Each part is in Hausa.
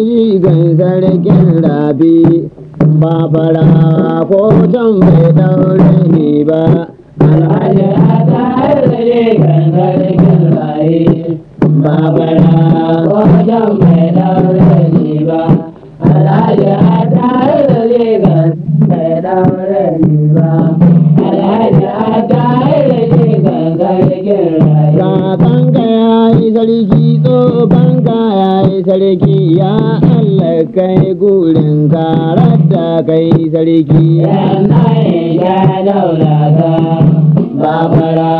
yi gan sarkin rabi ba fara ko can bai daure ne ba alhaji a yi gan sarkin rabi ba fara ko can bai daure ni ba alhaji a tare gan bai daure ni ba alhaji a tare gan sarkin rabi ka banga ya yi sarki to banga ya sarki ya Allah kai gurin karar da kai sarki yanayi ya daura ta babara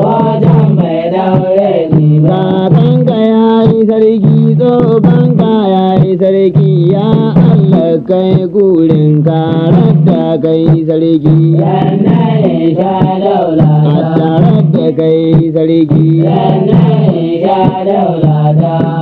wajen mai daure ni ba kanka ya yi sarki tsoban ka ya yi sarki ya Allah kai gurin karar da kai sarki yanayi ya daura a tare da kai sarki yanayi ya daura ta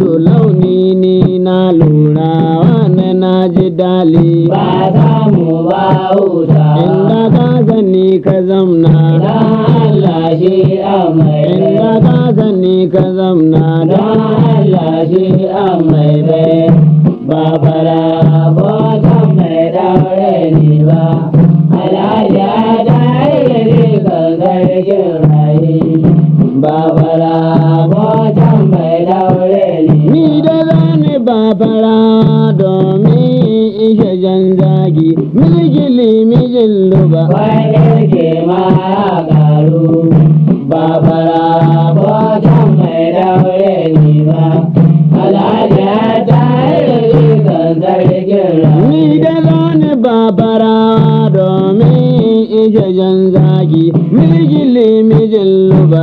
Amadu launi ni na lura wane na ji dali. Ba za mu ba huta. Inda ka zani ka zamna. Don Allah shi amai. Inda ka zani ka zamna. Don Allah shi amai bai. Ba fara babara wajen mai daure ne. Ni da zani babara domin ishe jan zagi, mijili mijin luba. Wai irke ma ya karu, babara wajen mai daure ne ba. Alhaji ya tayar kan zargin Ni da zani babara domin ishe jan zagi, mijili mijin luba.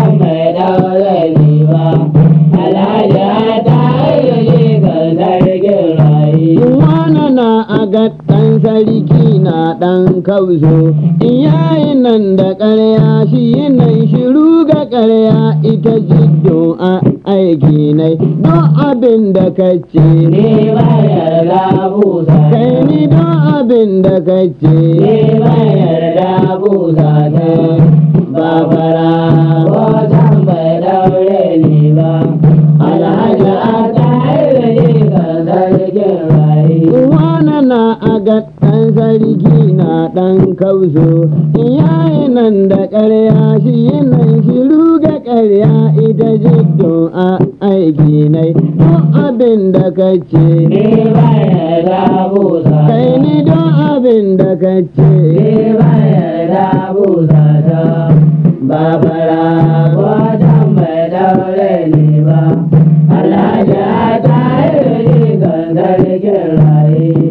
dan sarki na dan kauzo iyayen nan da ƙarya shi yanayin shiru ga ƙarya ita jiddo a aiki nai don abin da ka ce ne bayar da busa kai ni don abin da ka ce ne bayar da busa ta babara ga ɗan sarki na ɗan kauso iyaye nan da ƙarya shi nan shiru ga ƙarya ita jiddo a aiki ne. don abin da ka ce ne baya da kai ni don abin da ka ce ne baya da busa ta ba fara can bai daure ne ba Allah ya ta yi rigar gargin raye